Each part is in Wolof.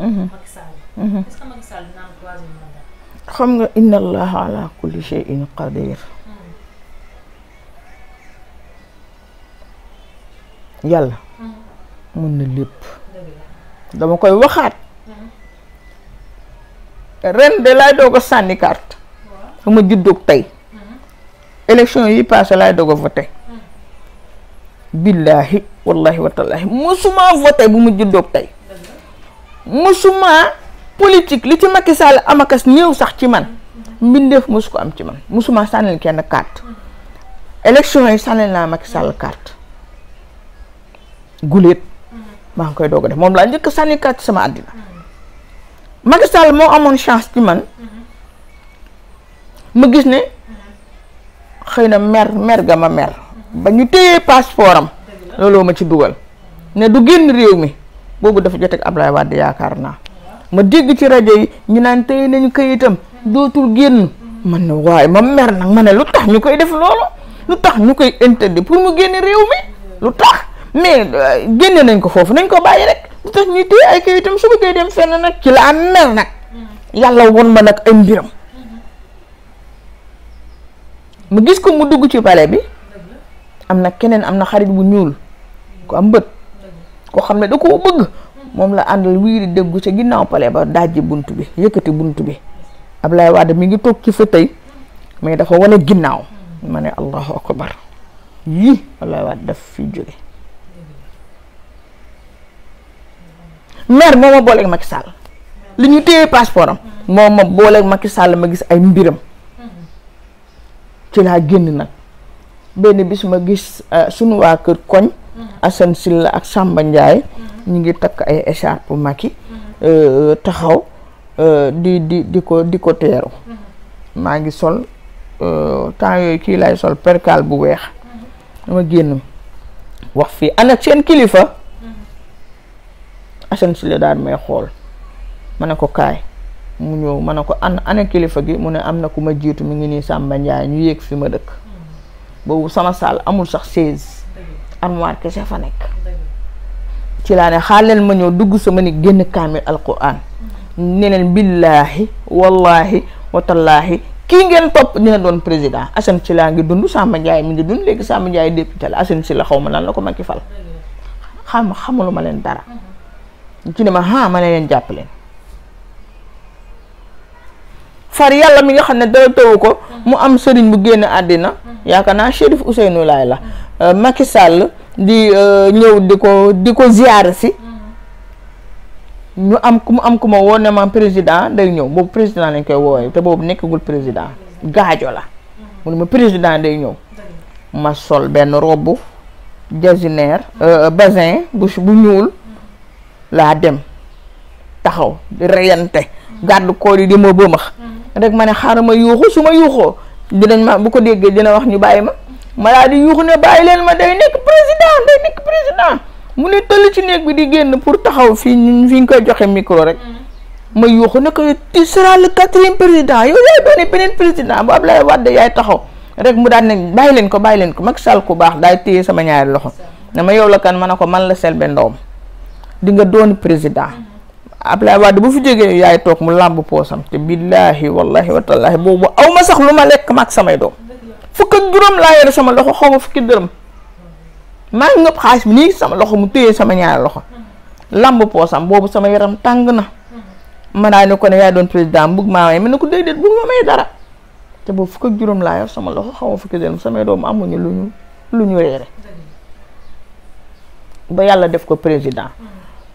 Mm-hmm. Macky Sall. Mm-hmm. xam nga inna allaha ala kulli qadir mm. yàlla mm. mun na lépp dama koy waxaat mm-hmm. ren de laay doog a sànni carte su ma juddoog tey élection yi passé laay doog a voté mm. billaahi wallahi watallaahi musuma voté bu ma juddoog tey musuma politique li ci Macky Sall amakas néew sax ci man mbindeef mosu ko am ci man musuma sànnil kenn carte élection yi sànnil naa Macky Sall carte guléet maa ngi koy doog a def moom laa njëkk sànni carte sama àddina Macky moo amoon chance ci man ma gis ne xëy na mer mer ga ma mer ba ñu téye passeport am looloo ma ci dugal ne du génn réew mi boobu dafa jot ak Ablaye Wade yaakaar naa ma dégg ci rajo yi ñu naan tey nañu kayitam dootul génn man na waaye ma mer nag ma ne lu tax ñu koy def loolu lu tax ñu koy interdit pour mu génne réew mi lu tax mais euh, génne nañ ko foofu nañ ko bàyyi rek lu tax ñuy téye ay kayitam su ma bëggee dem fenn nag ci laa mer nag yàlla won ma nag ay mbiram mu gis ko mu dugg ci palais bi am na keneen am na xarit bu ñuul ko am mbët koo xam ne da koo bëgg moom la àndal wii di déggu ca ginnaaw pale ba dajji bunt bi yëkkati bunt bi Ablaye Wade mi ngi toog ci fa tey mais dafa wane ginnaaw ma ne allahu akbar yii Ablaye Wade daf fi jóge maire moo ma booleeg Macky Sall li ñu téye passeport am moo ma booleeg Macky Sall ma gis ay mbiram ci laa génn nag benn bis ma gis euh, sunu waa kër koñ Mm-hmm. Assane Sylla ak Samba Ndiaye. Mm-hmm. ñu ngi takk ay écharpe Macky mm-hmm. euh, euh, taxaw euh, di di di ko di ko teeru maa ngi sol temps yooyu kii lay sol percal bu weex dama génn wax fii ana seen kilifa Assane Sylla daal may xool ma ne ko kaay mu ñëw ma ne ko an ana kilifa gi mu ne am na ku ma jiitu mu ngi nii Samba Ndiaye ñu yéeg fi ma dëkk boobu sama saal amul sax seize armoire kese fa nekk ci laa ne xaar leen ma ñëw dugg sama ni génn kaamil alquran ne leen billaahi wallaahi watallaahi kii ngeen topp dina doon président Assane ci laa ngi dund Samba Ndiaye mi ngi dund léegi Samba Ndiaye député la Assane si la xaw ma lan la ko Macky fal xam xamalu ma leen dara ci ne ma a ma leen jàpp leen far yàlla mi nga xam ne dara tawu ko mu am sëriñ bu génn àddina yaakaar naa Chérif Ousseynou Laay la euh, Macky Sall di euh, ñëw di ko di ko ziyaar si ñu am ku mu am ku ma woo ne ma président day ñëw boobu président lañ koy woowee te boobu nekkagul président gaajo la mu ma président day ñëw ma sol benn robe jasinaire euh, basin bu bu ñuul laa dem taxaw di reyante gàddu koor yi di ma bëmax mm-hmm. rek ma ne xaaral ma yuuxu su ma yuuxoo dinañ ma bu ko déggee dina wax ñu bàyyi ma ma daal di yuuxu ne bàyyi leen ma day nekk président day nekk président mu ne tëll ci néeg bi di génn pour taxaw fii ñu fii nga koy joxe micro rek mm-hmm. ma yuuxu ne ko tu seras le quatrième président yow yaay doone beneen président bu Abdoulaye Wade yaay taxaw rek mu daan ne bàyyi leen ko bàyyi leen ko mag sal ku baax daay téye sama ñaari loxo ne ma yow la kan ma ne ko man la selbe Ndom di nga doon président mm-hmm. ab Wade bu fi jógee yaay toog mu làmb poosam te billaahi wallahi watallaahi boobu aw ma sax lu ma lekk maag samay doom fukk ak juróom laa yore sama loxo xaw ma fukki dërëm maa ngi ngëpp nii sama loxo mu téye sama ñaari loxo làmb poosam boobu sama yaram tàng na ma daa ne ko ne yaay doon président bugg maa may ma ko déedéet bugg ma dara te boobu fukk ak laa sama loxo xaw ma fukki dërëm samay doom amuñu lu ñu lu ñu reere ba yàlla def ko président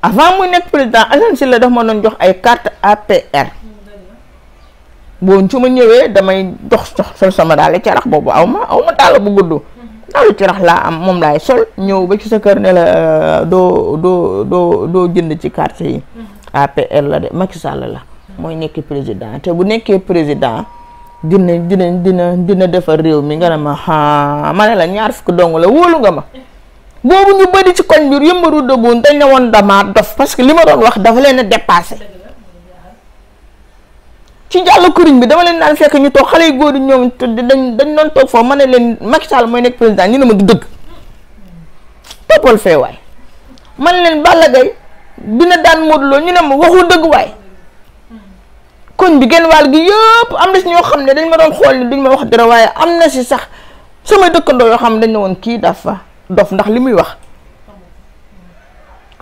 avant muy nekk président Assane la daf ma doon jox ay carte APR su ma ñëwee damay dox sol sama daal ci boobu aw ma aw ma tàll bu gudd daal ci laa am moom laay sol ñëw ba ci sa kër ne la euh, doo doo doo doo jënd ci carte yi APR la de Macky Sall la mooy nekk président te bu nekkee président dina dina dina dina defar réew mi nga ne ma ma ne la ñaar fukk dong la wóolu nga ma boobu ñu bëri ci koñ bi yëmbaru dëbboon dañ ne woon damaa dof parce que li ma doon wax dafa leen a dépassé ci jàll kuriñ bi dama leen daan fekk ñu toog xale yu góor yi ñoom dañ dañ doon toog foofu ma ne leen Macky Sall mooy nekk président ñu ne ma du dëgg toppal fee waay ma ne leen Balla Gaye dina daan Modou ñu ne ma waxu dëgg waay koñ bi genn wàll gi yëpp am na si ñoo xam ne dañ ma doon xool ni duñ ma wax dara waaye am na si sax samay dëkkandoo yoo xam ne dañ ne woon kii dafa dof ndax li muy wax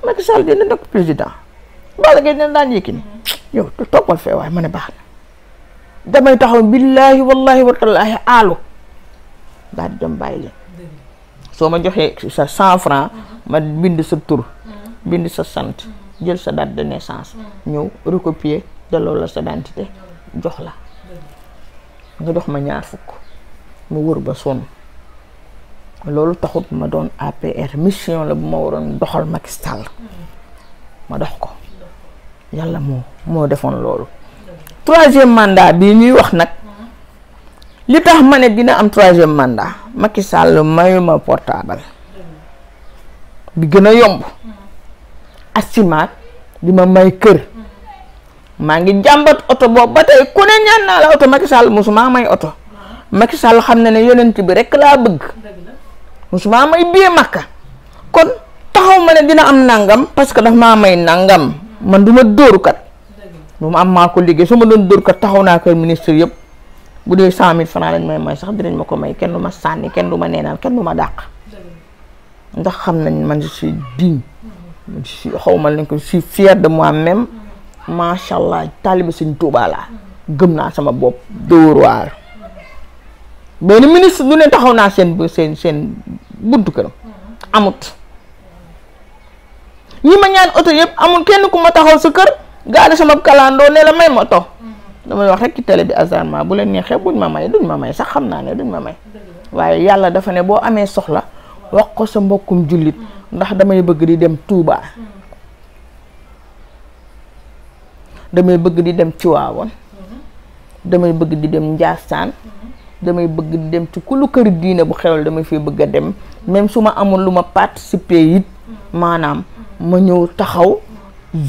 Macky Sall dina nekk président Balla Gaye dina daan Yékini yow toppal fee ma ne baax na damay taxaw billaahi wallaahi watallaahi aalu daal di dem bàyyi leen soo ma joxee sa cent franc ma bind sa tur bind sa sant jël sa date de naissance ñëw recopier delloo la sa identité jox la nga jox ma ñaar fukk mu wër ba sonn loolu taxut ma doon APR mission la bu ma waroon doxal Macky ma dox ko yàlla moo moo defoon loolu troisième mandat bi ñuy wax nag li tax ma ne dina am troisième mandat Macky Sall mayu portable bi gën a yomb asimaat di ma may kër maa ngi jàmbat oto boobu ba tey ku ne ñaan naa la oto Macky Sall musuma may oto Macky xam na ne yonent bi rekk laa bëgg musuma may biyee makka kon taxaw ma ne dina am nangam parce que daf maa may nangam man du ma dóorukat lu am maa ko liggéey su ma doon dóorukat taxaw naa kër ministre yëpp bu dee cent mille franc lañ may may sax dinañ ma ko may kenn du ma sànni kenn du ma neenaan kenn du ma dàq ndax xam nañ man je suis digne xaw ma lañ ko si suis fier de moi macha allah taaliba si Tuubaa laa gëm naa sama bopp dóor waar benn ministre du ne taxaw naa seen seen seen buntu këram mm-hmm. amut ñi ma ñaan oto yëpp amul kenn ku ma taxaw sa kër gaari sama kalandoo ne la may ma oto mm-hmm. damay wax rek ci télé bi hasardement bu leen neexee buñ ma may duñ ma may sax xam naa ne duñ ma may waaye yàlla dafa ne boo amee soxla wax ko sa mbokkum jullit mm-hmm. ndax damay bëgg di dem Touba damay bëgg di dem Tiwaawan damay bëgg di dem Njaasaan damay bëgg dem ci kulu kër diine bu xewal damay fee bëgg a dem même su ma amoon lu ma participer it maanaam ma ñëw taxaw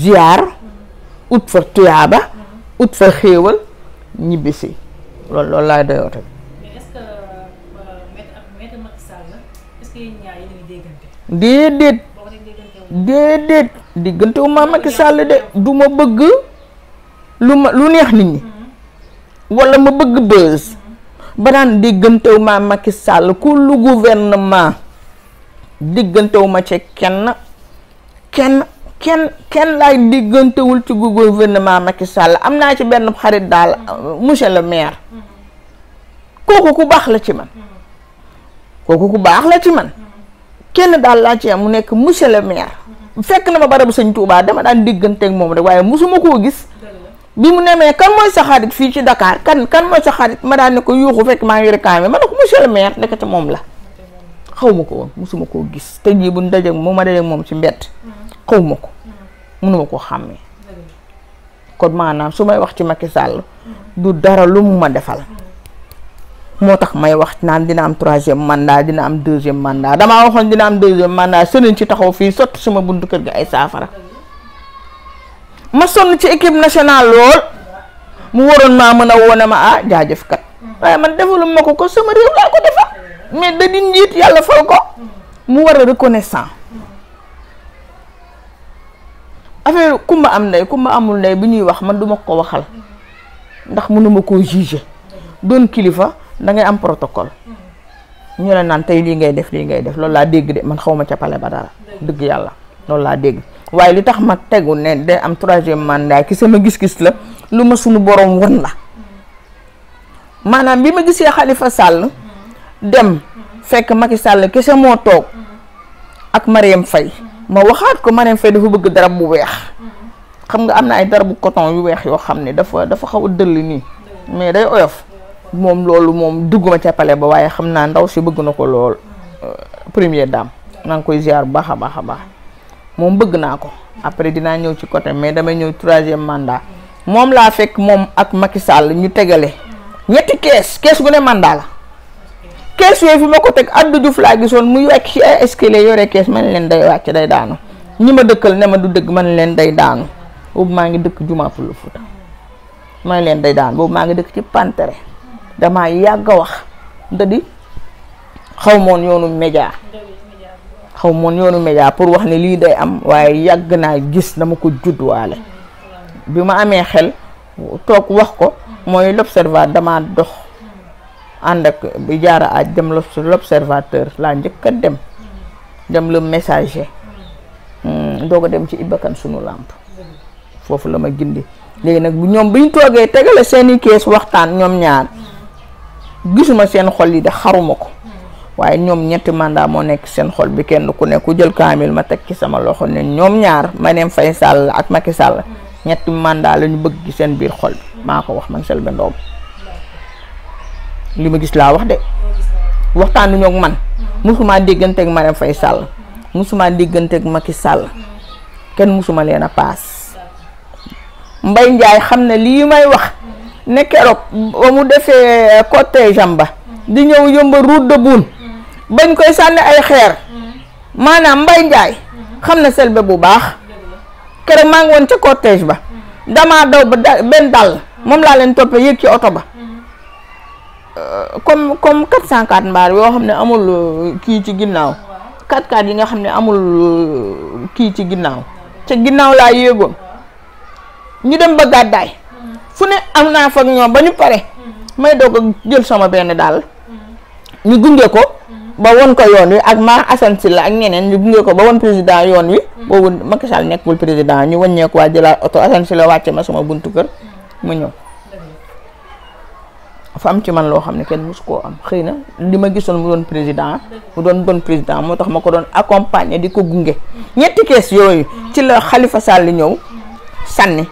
ziar ut fa tuyaaba ut fa xéewal ñibbisi loolu loolu laay doyoo tamit. déedéet déedéet diggante wu ma Macky Sall de du ma bëgg lu ma lu neex nit ñi mm-hmm. wala ma bëgg bës ba naan diggantewu ma Macky Sall ku lu diggantewu ma ci kenn kenn kenn kenn laay diggantewul ci gouvernement Macky Sall am naa ci benn xarit daal mm-hmm. monsieur le maire mm-hmm. kooku ku baax la ci man mm-hmm. kooku ku baax la ci man kenn daal laa ci am mu nekk monsieur le maire fekk na ma barabu sëñ Tuubaa dama daan digganteeg moom rek waaye musuma koo gis bi mu nemee kan mooy sa xarit fii ci dakaar kan kan mooy sa xarit ma daan ne ko yuuxu fekk maa ngi réclamé ma ne ko monsieur le maire moom la xaw ma ko woon mosuma koo gis te jii bu ñu dajeeg ma dajeeg moom ci mbedd xaw ma ko mënuma koo xàmmee kon maanaam su may wax ci Macky Sall du dara lu mu ma defal moo tax may wax naan dina am troisième mandat dina am deuxième mandaa damaa waxoon dina am deuxième mandat sëriñ ci taxaw fii sotti suma buntu kër gi ay saafara ma sonn ci équipe nationale lool mu waroon maa mën a wone ma ah jaajëf kat waaye man defalu ma ko ko sama réew laa ko defal mais da di njiit yàlla fal ko mu war a reconnaissant affaire kumba am ndey kumba amul ndey bu ñuy wax man duma ko waxal ndax mënuma koo juger doon kilifa dangay am protocole ñu la naan tey lii ngay def lii ngay def loolu laa dégg de man xawma ca pale ba dara dëgg yàlla loolu laa dégg waaye li tax ma tegu ne day am troisième mandat ki sama gis-gis la lu ma sunu borom won la maanaam bi ma gisee xalifa sàll dem fekk Macky sàll kese moo toog ak mariyam fay ma waxaat ko Marième Faye dafa bëgg dara bu weex xam nga am na ay darabu coton yu weex yoo xam ne dafa dafa xaw a dëll nii mais day oyof moom loolu moom dugguma ca pale ba waaye xam naa ndaw si bëgg na ko lool euh, premier dame maa ngi koy ziar bu baax a baax a baax moom bëgg naa ko après dinaa ñëw ci côté mais damay ñëw troisième mandat moom laa fekk moom ak Macky Sall ñu tegale ñetti kees kees bu ne mandat la kees yooyu fi ma ko teg Abdou Diouf laa gisoon muy wekk ci ay escalier yore kees man leen day wàcc day daanu ñi ma dëkkal ne ma du dëgg man leen day daanu boobu maa ngi dëkk jumaa Pullo Fuuta man leen day daanu boobu maa ngi dëkk ci Pantere damaa yàgg a wax da di xaw moon yoonu média xaw moon yoonu média pour wax ne lii day am waaye yàgg naa gis dama ko judduwaale bi ma amee xel toog wax ko mooy l'observateur dama dox ànd ak bi jaara aj dem l'observateur laa njëkk a dem dem la messager hmm, doo ko dem ci ibakan suñu làmp foofu la ma gindi léegi nag bu ñoom biñ toogee tegale seeni kees waxtaan ñoom ñaar gisuma seen xol yi de xaruma ko waaye ñoom ñetti mandat moo nekk seen xol bi kenn ku ne jël kaamil ma teg ci sama loxo ne ñoom ñaar Marième Faye Sall ak Macky sàll ñetti màndaa la ñu bëgg ci seen biir xol bi maa ko wax man Selbé Ndom li ma gis laa wax de waxtaanu ñoog man musuma dégganteeg Marième Faye sàll musuma dégganteeg Macky Sall kenn musuma leen a paas Mbaye Ndiaye xam ne lii may wax ne keroog ba mu defee euh, côté jamba di ñëw yëmba route de bañ koy sànni ay xeer mm-hmm. maanaam mbay njaay mm-hmm. xam na selbe bu baax keroog maa ngi woon ca cortège ba mm-hmm. damaa daw ba da benn dàll moom laa leen toppee yéeg ci oto ba euh, comme comme 404 mbaar yoo xam ne amul euh, kii ci ginnaaw 404 yi nga xam ne amul euh, kii ci ginnaaw ca ginnaaw laa yéegoon ñu dem ba gàddaay fu ne am naa fa ñoom ba ñu pare may doog a jël sama benn daal ñu gunge ko ba won ko yoon wi ak ma Assane la ak ñeneen ñu gunge ko ba won président yoon wi mm. boobu Macky Sall nekkul président ñu wàññeeku waa jëlaat oto Assane la wàcce ma sama buntu kër ma ñëw dafa am ci man loo xam ne kenn mosu koo am xëy na li ma gisoon mu doon président mu doon doon président moo tax ma ko doon accompagner di ko gunge mm. ñetti kees yooyu mm. ci la xalifa Sall ñëw sànni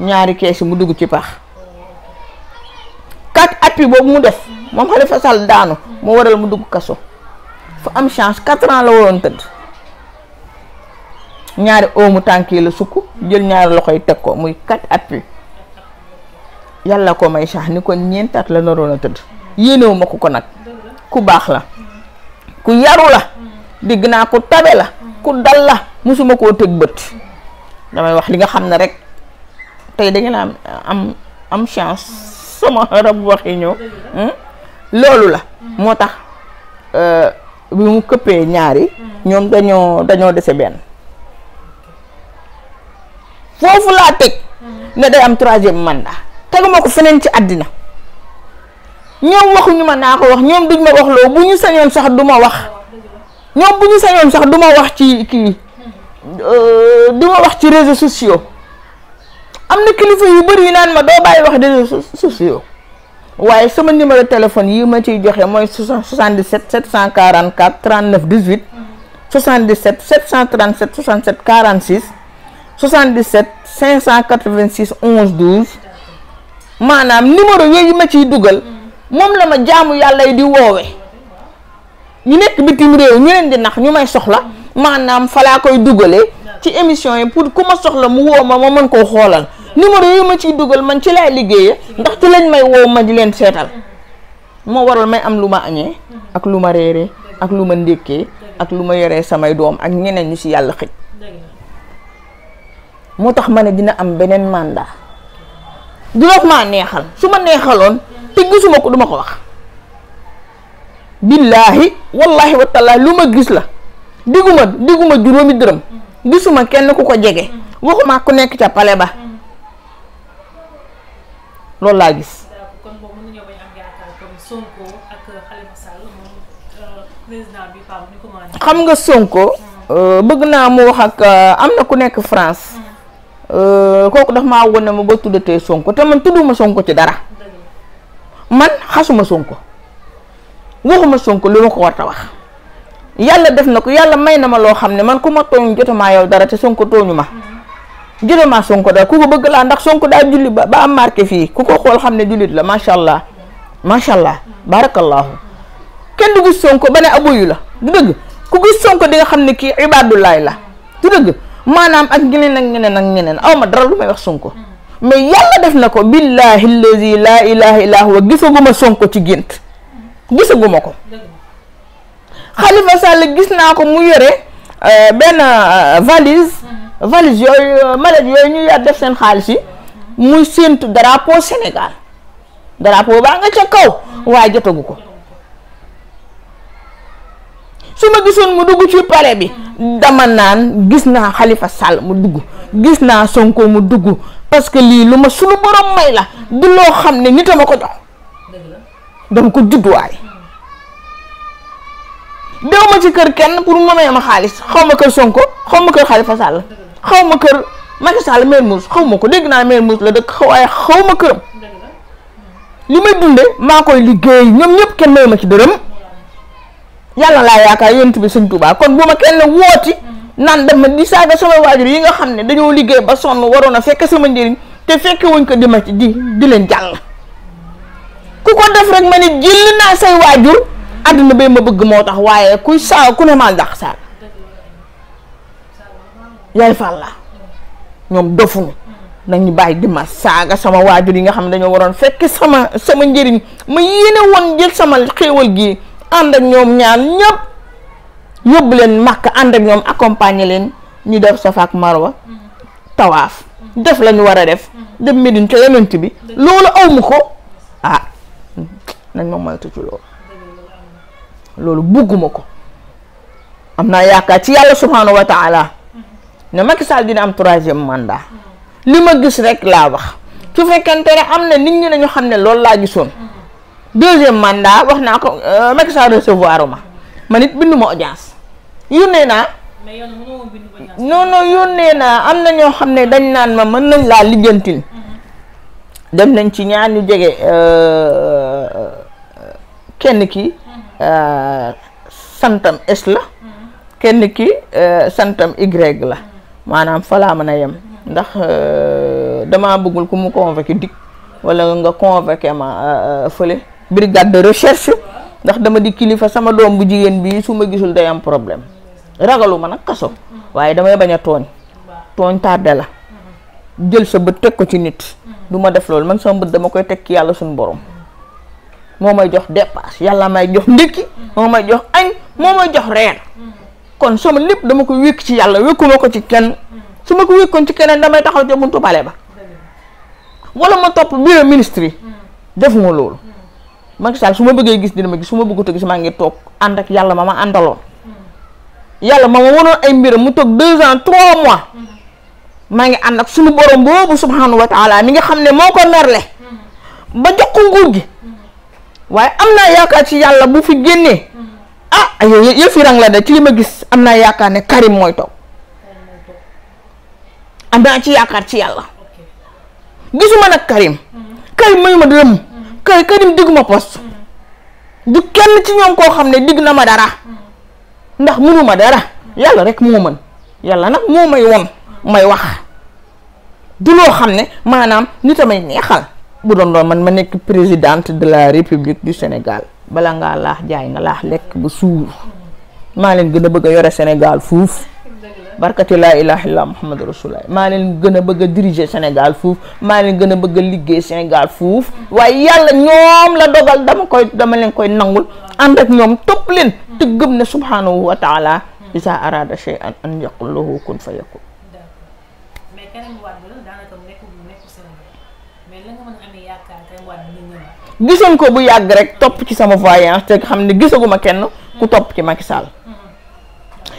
ñaari kees yi mu dugg ci pax quatre appi boobu mu def moom Khalifa Sall daanu moo waral mu dugg kaso fa am chance quatre ans la waroon tëdd ñaari oomu tànk yi la sukk jël ñaari loxo yi teg ko muy quatre appui yàlla ko may sax ni ko ñeent la naroon a tëdd yéenewu ko ko nag ku baax la ku yaru la digg naa ku tabe la ku dal la musuma koo tëg bët damay wax li nga xam ne rek tey da ngeen am am am chance sama rab waxi ñëw hmm? loolu la moo tax euh, bi mu këppee ñaari ñoom dañoo dañoo dese benn foofu laa teg ne day am troisième mandat teguma ko feneen ci àddina ñoom waxuñu ma naa ko wax ñoom duñ ma wax loo bu ñu sañoon sax du ma wax ñoom bu ñu sañoon sax du wax ci kii euh, du ma wax ci réseaux sociaux am na kilifa yu bëri yu naan ma doo bàyyi wax réseaux sociaux waaye sama numéro téléphone yi ma ciy joxe mooy 77 744 39 18 77 737 67 46 77 586 11 12 maanaam numéro yooyu ma ciy dugal moom la ma jaamu yàlla yi di woowe ñu nekk bitim réew ñu leen di nax ñu may soxla maanaam falaa koy dugalee ci émission yi pour ku ma soxla mu woo ma ma mën koo xoolal numéro yooyu ma ciy dugal man ci laay liggéeyee ndax ci lañ may woo ma di leen seetal moo waral may am lu ma añee ak lu ma reeree ak lu ma ndékkee ak lu ma yoree samay doom ak ngeneen ñu ci yàlla xëj moo tax ma ne dina am beneen mandat dina maa neexal su ma neexaloon te gisuma ko duma ko wax billaahi wallaahi wa lu ma gis la diguma diguma juróomi dërëm gisuma kenn ku ko jege waxuma ku nekk ca pale ba loolu laa gis. kon euh, xam nga Sonko. Hmm. Euh, bëgg naa mu wax ak euh, am na ku nekk France. Hmm. kooku daf maa won ne ma ba tuddatee Sonko te man tudduma Sonko ci dara. man xasuma Sonko waxuma Sonko lu ma ko war wax. yàlla def na ko yàlla may na ma loo xam ne man ku ma tooñ jotamaa yow dara te Sonko tooñu ma. Hmm. jërëma Sonko daal ku ko bëgg laa ndax Sonko daa julli ba ba am marqué fii ku ko xool xam ne jullit la macha allah macha allah barakallahu kenn du gis Sonko ba ne aboyu la du dëgg ku gis Sonko di nga xam ne kii ibadullaay la du dëgg maanaam ak ñeneen ak ñeneen ak ñeneen aw ma dara lu may wax Sonko mais yàlla def na ko billahi allazi laa ilaha illa huwa gisaguma Sonko ci gént gisaguma ko Khalifa Sall gis naa ko mu yore euh, benn euh, valise valise euh, yooyu ñu yar def seen xaalis yi muy séentu drapeau Sénégal drapeau baa nga ca kaw waaye jotagu ko su ma gisoon mu dugg ci palais bi dama naan gis naa Khalifa Sall mu dugg gis naa Sonko mu dugg parce que lii lu ma suñu borom may la du loo xam ne nit a ko jox dama ko judduwaay dew ma ci kër kenn pour ma may ma xaalis xaw ma kër Sonko xaw ma kër Khalifa Sall xaw ma kër Macky Sall Mermoz xaw ma ko dégg naa Mermoz la dëkk waaye xaw ma këram li may dunde maa koy liggéey ñoom ñëpp kenn mayu ma ci dërëm yàlla laa yaakaar yonent bi sëñ Tuubaa kon bu ma kenn wooti naan dama di saaga sama waajur yi nga xam ne dañoo liggéey ba sonn waroon a fekk sama njëriñ te fekke wuñ ko di ma ci di di leen jàll ku ko def rek ma ne jël naa say waajur àdduna bee ma bëgg moo tax waaye kuy saa ku ne maa ndax saag yaay Fall la ñoom dofuñu ñu bàyyi di ma saaga sama waajur yi nga xam ne dañoo waroon fekk sama sama njëriñ ma yéene woon jël sama xéewal gi ànd ak ñoom ñaar ñëpp yóbbu leen makk ànd ak ñoom accompagner leen ñu def Safa ak Marwa tawaaf def la ñu war a def dem Medine ca bi loolu awmu ko ah nañ ma moytu ci loolu loolu bugguma ko am naa yaakaar ci yàlla subhanahu wa ne Macky Sall dina am troisième mandat li ma gis rek laa wax su fekkante ne am na nit ñi nañu xam ne loolu laa gisoon deuxième mandat wax naa ko euh, Macky Sall ma ma man binduma bindu ma naa. mais yow naa am na ñoo xam ne dañ naan ma mën nañ laa lijjantil. Mhm. dem nañ ci ñaar ñu jege euh, kenn ki mhm. euh, santam S la. Mhm. kenn ki santam Y la. maanaam falaa mën a yem ndax euh, damaa bëggul ku mu convoqué dik wala nga convoqué ma euh, euh, fële brigade de recherche ndax dama di kilifa sama doom bu jigéen bii su ma gisul day am problème ragalu ma nag kaso waaye damay bañ a tooñ tooñ tardé la jël sa bët teg ko ci nit du ma def loolu man sama bët dama koy teg ki yàlla suñu borom moo may jox dépasse yàlla may jox ndékki moo may jox ay moo may jox reer kon sama lépp dama ko wékk ci yàlla wékkuma ko ci kenn su ma ko wékkoon ci keneen damay taxaw ca buntu palais ba wala ma topp bureau ministre yi defuma loolu Macky Sall su ma bëggee gis dina ma gis su ma bëggut a gis maa ngi toog ànd ak yàlla ma ma àndaloon yàlla ma ma wanoon ay mbiram mu toog deux ans trois mois maa ngi ànd ak suñu borom boobu subhanahu wa taala mi nga xam ne moo ko merle ba jox ko nguur gi waaye am naa yaakaar ci yàlla bu fi génnee ah yow yëf yi rang la de ci li ma gis am naa yaakaar ne Karim mooy toog am naa ci yaakaar ci yàlla gisuma nag Karim Karim mayu ma dërëm kay Karim diggu ma poste kenn ci ñoom koo xam ne digg na ma dara ndax mënuma dara yàlla rek moo mën yàlla nag moo may won may wax du loo xam ne maanaam nit a may neexal bu doon loolu man ma nekk présidente de la république du Sénégal bala ngaa laax jaay nga laax lekk ba suur maa leen gën a bëgg a yore Sénégal fuuf barkati laa ilaha illa muhammad rasulullah maa leen gën a bëgg a senegal Sénégal fuuf maa leen gën a bëgg a liggéey Sénégal fuuf waaye yàlla ñoom la dogal dama koy dama leen koy nangul ànd ak ñoom topp leen te gëm ne isa arada shay'an an yaqul kun fa yakun gisoon ko bu yàgg rek topp ci sama voyance te xam ne gisaguma kenn ku topp ci Macky Sall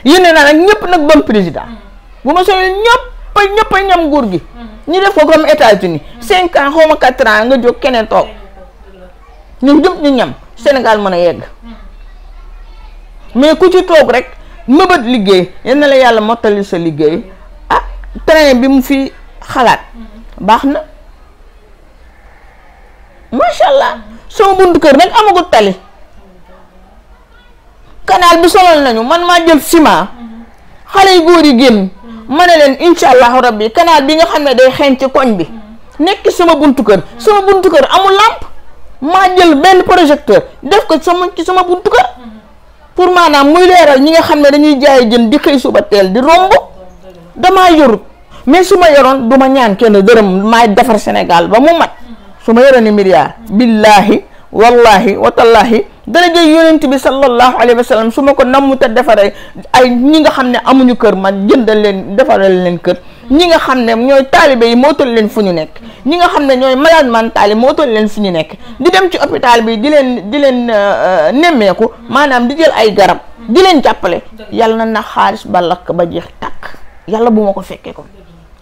yéene naa nag ñëpp nag bon président bu ma soobee ñëpp a ñëpp a ñam nguur gi ñu def ko comme États-Unis cinq ans xaw quatre ans nga jóg keneen toog ñun ñëpp ñu ñam Sénégal mën a yegg mais ku ci toog rek mëbët liggéey yal na la yàlla mottali sa liggéey ah train bi mu fi xalaat baax na. macha allah sama buntu kër nag amagul tali canal bi solal nañu man maa jël ciment xale yu góor yi génn ma ne leen incha allahu rabbi canal bi nga xam ne day xeeñ ci koñ bi nekk sama buntu kër sama buntu kër amul làmp maa jël benn projecteur def ko sama ci sama buntu kër pour maanaam muy leeral ñi nga xam ne dañuy jaay jën di xëy suba teel di romb damaa yorut mais suma ma yoroon du ma ñaan kenn dërëm maay defar Sénégal ba mu mat su ma yoroon ni milliard billaahi wallahi watallaahi daraja yonent bi sallallahu alayhi wa sallam su ma ko namm te defaree ay ñi nga xam ne amuñu kër man jëndal leen defaral leen kër ñi nga xam ne ñooy taalibe yi mootal leen fu ñu nekk ñi nga xam ne ñooy malade mental yi mootal leen fu ñu nekk di dem ci hôpital bi di leen di leen euh, euh, nemmeeku maanaam di jël ay garab di leen jàppale yàlla na xaalis ba lakk ba jeex tàkk yàlla bu ma ko fekkee ko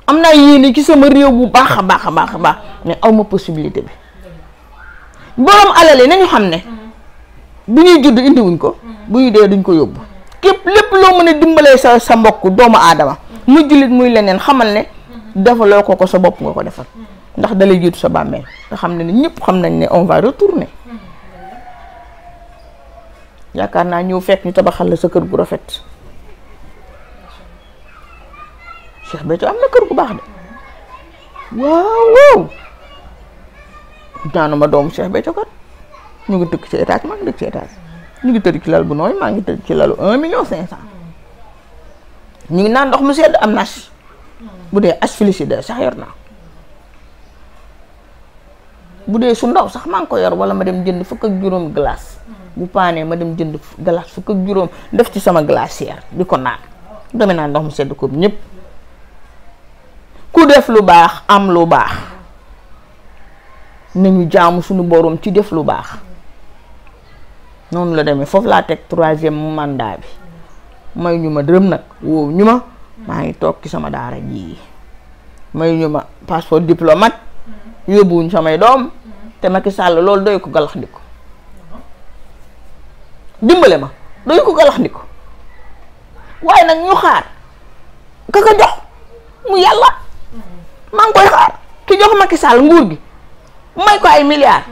am naa yéene ci sama réew bu baax a baax a baax a baax mais aw ma possibilité bi borom alal yi nañu xam ne bu ñuy judd indiwuñ ko bu ñu dee duñ ko yóbbu képp lépp loo mën a dimbalee sa sa mbokk doomu aadama muy jullit muy leneen xamal ne defaloo ko ko sa bopp nga ko defal ndax dalay jiitu sa bàmmeel nga xam ne ne ñëpp xam nañ ne on va retourner yaakaar naa ñëw fekk ñu tabaxal la sa kër gu rafet Cheikh Béthio am na kër gu baax de waaw waaw ma doomu Cheikh Béthio kat ñu ngi dëkk ci étage maa ngi dëkk ci étage ñu ngi tëdd ci lal bu nooy maa ngi tëdd ci lalu un million cinq cent ñu ngi naan ndox mu sedd am na bu dee asphyxie sax yor naa bu dee su ndaw sax maa ngi ko yor wala ma dem jënd fukk ak juróom glace bu paanee ma dem jënd glace fukk ak juróom def ci sama glacière di ko naan dama naan ndox mu sedd ko ñëpp. ku def lu baax am lu baax ñu jaamu suñu boroom ci def lu baax noonu la deme foofu laa teg troisième mandat bi may ñu ma dërëm nag woow ñu ma maa ngi toog ci sama daara ji may ñu ma passeport diplomate yóbbuwuñ samay doom te Macky sàll lool doy ko galax dimbale ma doy ko galax waaye nag ñu xaar ka ko jox mu yàlla man ngi koy xaar ki jox Macky Sall nguur gi may ko ay milliards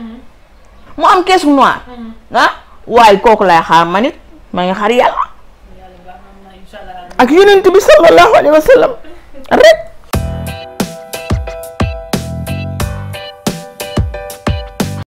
mu am caisse noire mm-hmm. ah waaye kooku lay xaar man it maa ngi xaar yàlla ak yonent bi sallallahu alayhi wa sallam rek